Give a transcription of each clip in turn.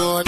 Yo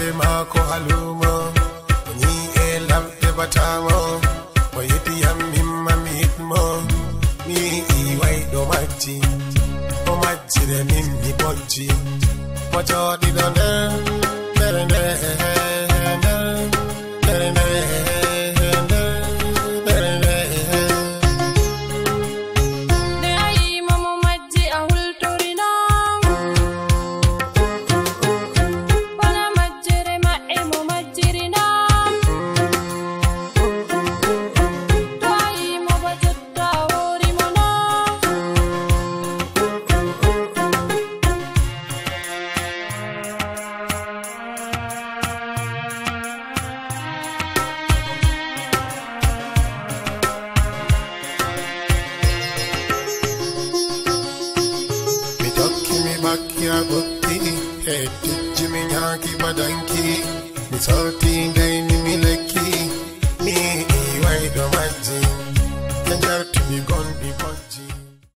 ɓernde maako halumo o nyi'e lamɗe batamo o yediyam mimma mi hitmo do iwayɗo majji o majjire min mi bojji mo joɗiɗo nder ɓernde ya butti, ya jimmy ya It's all misalti day.